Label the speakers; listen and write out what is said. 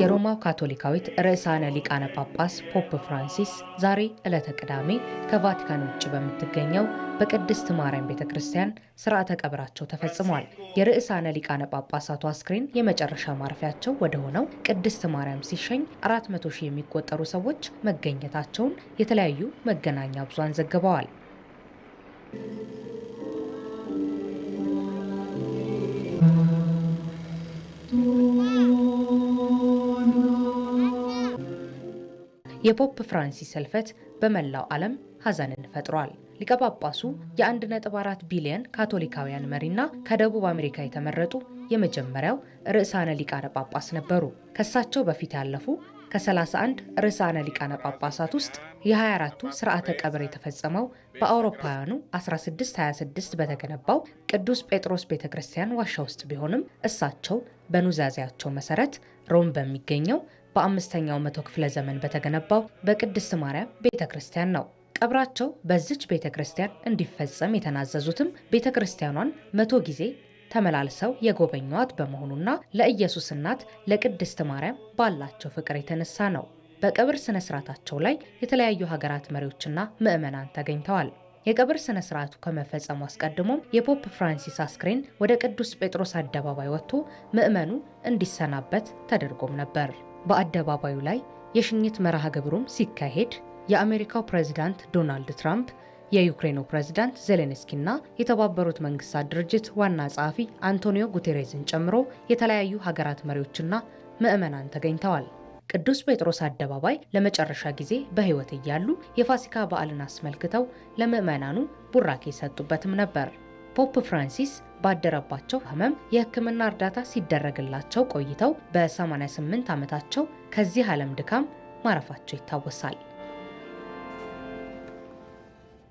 Speaker 1: የሮማው ካቶሊካዊት ርዕሳነ ሊቃነ ጳጳስ ፖፕ ፍራንሲስ ዛሬ ዕለተ ቅዳሜ ከቫቲካን ውጭ በምትገኘው በቅድስት ማርያም ቤተ ክርስቲያን ስርዓተ ቀብራቸው ተፈጽሟል። የርዕሳነ ሊቃነ ጳጳሳቱ አስክሬን የመጨረሻ ማረፊያቸው ወደ ሆነው ቅድስት ማርያም ሲሸኝ 400 ሺህ የሚቆጠሩ ሰዎች መገኘታቸውን የተለያዩ መገናኛ ብዙሃን ዘግበዋል። የፖፕ ፍራንሲስ ሕልፈት በመላው ዓለም ሐዘንን ፈጥሯል። ሊቀ ጳጳሱ የ1.4 ቢሊዮን ካቶሊካውያን መሪና ከደቡብ አሜሪካ የተመረጡ የመጀመሪያው ርዕሳነ ሊቃነ ጳጳስ ነበሩ። ከሳቸው በፊት ያለፉ ከ31 ርዕሳነ ሊቃነ ጳጳሳት ውስጥ የ24ቱ ስርዓተ ቀብር የተፈጸመው በአውሮፓውያኑ 1626 በተገነባው ቅዱስ ጴጥሮስ ቤተ ክርስቲያን ዋሻ ውስጥ ቢሆንም እሳቸው በኑዛዜያቸው መሰረት ሮም በሚገኘው በአምስተኛው መቶ ክፍለ ዘመን በተገነባው በቅድስት ማርያም ቤተ ክርስቲያን ነው። ቀብራቸው በዚች ቤተ ክርስቲያን እንዲፈጸም የተናዘዙትም ቤተ ክርስቲያኗን መቶ ጊዜ ተመላልሰው የጎበኟት በመሆኑና ለኢየሱስ እናት ለቅድስት ማርያም ባላቸው ፍቅር የተነሳ ነው። በቀብር ስነ ስርዓታቸው ላይ የተለያዩ ሀገራት መሪዎችና ምዕመናን ተገኝተዋል። የቀብር ስነ ስርዓቱ ከመፈጸሙ አስቀድሞም የፖፕ ፍራንሲስ አስክሬን ወደ ቅዱስ ጴጥሮስ አደባባይ ወጥቶ ምዕመኑ እንዲሰናበት ተደርጎም ነበር። በአደባባዩ ላይ የሽኝት መርሃ ግብሩም ሲካሄድ የአሜሪካው ፕሬዚዳንት ዶናልድ ትራምፕ የዩክሬኑ ፕሬዝዳንት ዜሌንስኪና የተባበሩት መንግስታት ድርጅት ዋና ጸሐፊ አንቶኒዮ ጉቴሬዝን ጨምሮ የተለያዩ ሀገራት መሪዎችና ምዕመናን ተገኝተዋል። ቅዱስ ጴጥሮስ አደባባይ ለመጨረሻ ጊዜ በሕይወት እያሉ የፋሲካ በዓልን አስመልክተው ለምዕመናኑ ቡራኬ የሰጡበትም ነበር። ፖፕ ፍራንሲስ ባደረባቸው ህመም የሕክምና እርዳታ ሲደረግላቸው ቆይተው በ88 ዓመታቸው ከዚህ ዓለም ድካም ማረፋቸው ይታወሳል።